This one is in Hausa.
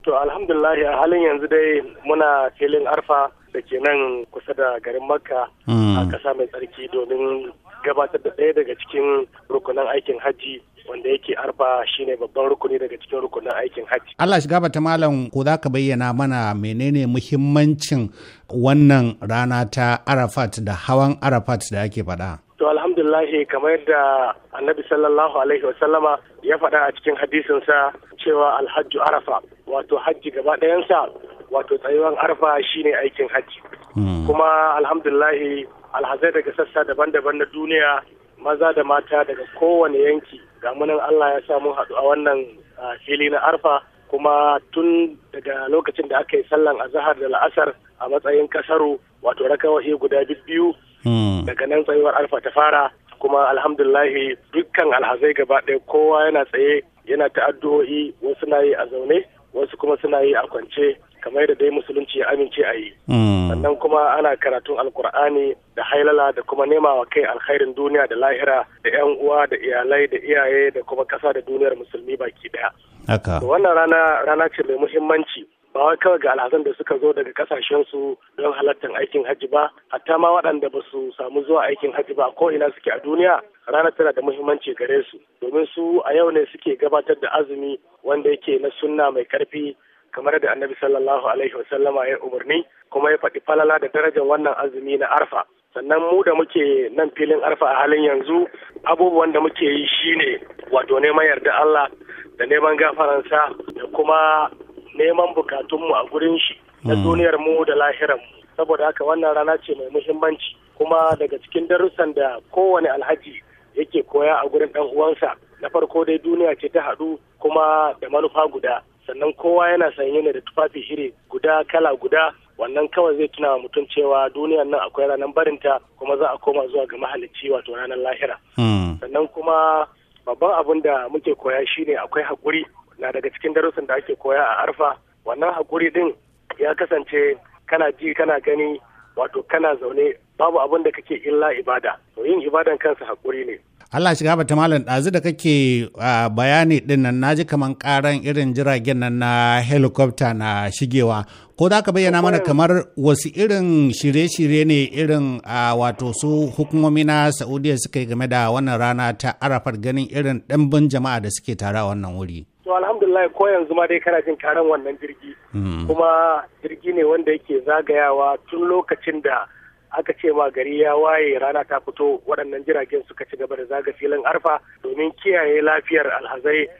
To alhamdulahi a halin yanzu dai muna filin arfa da ke nan kusa da garin Makka hmm. a ƙasa mai tsarki domin gabatar da ɗaya daga cikin rukunan aikin hajji wanda yake arfa shine babban rukuni daga cikin rukunin aikin hajji. Allah shiga bata malam ko za ka bayyana mana menene muhimmancin wannan rana ta Arafat da hawan Arafat da ake faɗa. To alhamdulahi kamar yadda Annabi sallallahu alaihi wasallama ya faɗa a cikin sa cewa alhajju Arafa wato hajji gaba ɗayansa wato tsayuwan arfa shine aikin hajji hmm. kuma alhamdulahi alhazai daga sassa daban-daban na duniya maza da mata daga kowane yanki ga munan Allah ya samu haɗu a wannan fili na arfa kuma tun daga lokacin da aka yi sallan azahar da la'asar a matsayin kasaru wato rakawa'i guda biyu hmm. daga nan tsayuwar arfa ta fara kuma alhamdulahi dukkan alhazai gaba ɗaya kowa yana tsaye yana ta'addu'o'i wasu na yi a zaune wasu kuma suna yi a kwance kamar da dai musulunci ya amince a yi hmm. sannan kuma ana karatun alkur'ani da hailala da kuma nema wa kai alkhairin duniya da lahira da yan uwa da iyalai da iyaye da kuma kasa da duniyar musulmi baki daya wannan rana rana ce mai muhimmanci ba wai kawai ga al'adun da suka zo daga kasashen su don halartar aikin hajji ba hatta ma waɗanda ba su samu zuwa aikin hajji ba ko ina suke a duniya ranar tana da muhimmanci gare su domin su a yau ne suke gabatar da azumi wanda yake na sunna mai karfi kamar da annabi sallallahu alaihi wasallama ya umarni kuma ya faɗi falala da darajar wannan azumi na arfa sannan mu da muke nan filin arfa a halin yanzu abubuwan da muke yi shine wato neman yarda Allah da neman gafaransa da kuma neman bukatunmu a gurin shi na hmm. duniyar mu da lahiran mu saboda haka wannan rana ce mai muhimmanci kuma daga cikin darussan da kowane alhaji yake koya a gurin dan uwansa na farko dai duniya ce ta haɗu kuma da manufa guda sannan kowa yana sanye ne da tufafi iri guda kala guda wannan kawai zai tuna mutum cewa duniyan nan akwai ranar barinta kuma za a koma zuwa ga mahalicci wato ranar lahira hmm. sannan kuma babban abin da muke koya shine akwai haƙuri na daga cikin darussan da ake koya a arfa wannan hakuri din ya kasance kana ji kana gani wato kana zaune babu abin da kake illa ibada to yin ibadan kansa hakuri ne Allah shiga bata malam ɗazu da kake bayani din nan naji kaman ƙaran irin jiragen nan na helicopter na shigewa ko za ka bayyana mana kamar wasu irin shirye-shirye ne irin wato su hukumomi na Saudiya suka yi game da wannan rana ta arafar ganin irin ɗanbin jama'a da suke tare a wannan wuri. to alhamdulillah ko yanzu ma dai kana jin karan wannan jirgi hmm. kuma jirgi ne wanda yake zagayawa tun lokacin da aka ce ma gari ya waye rana ta fito waɗannan jiragen suka ci gaba da zaga filin arfa domin kiyaye lafiyar alhazai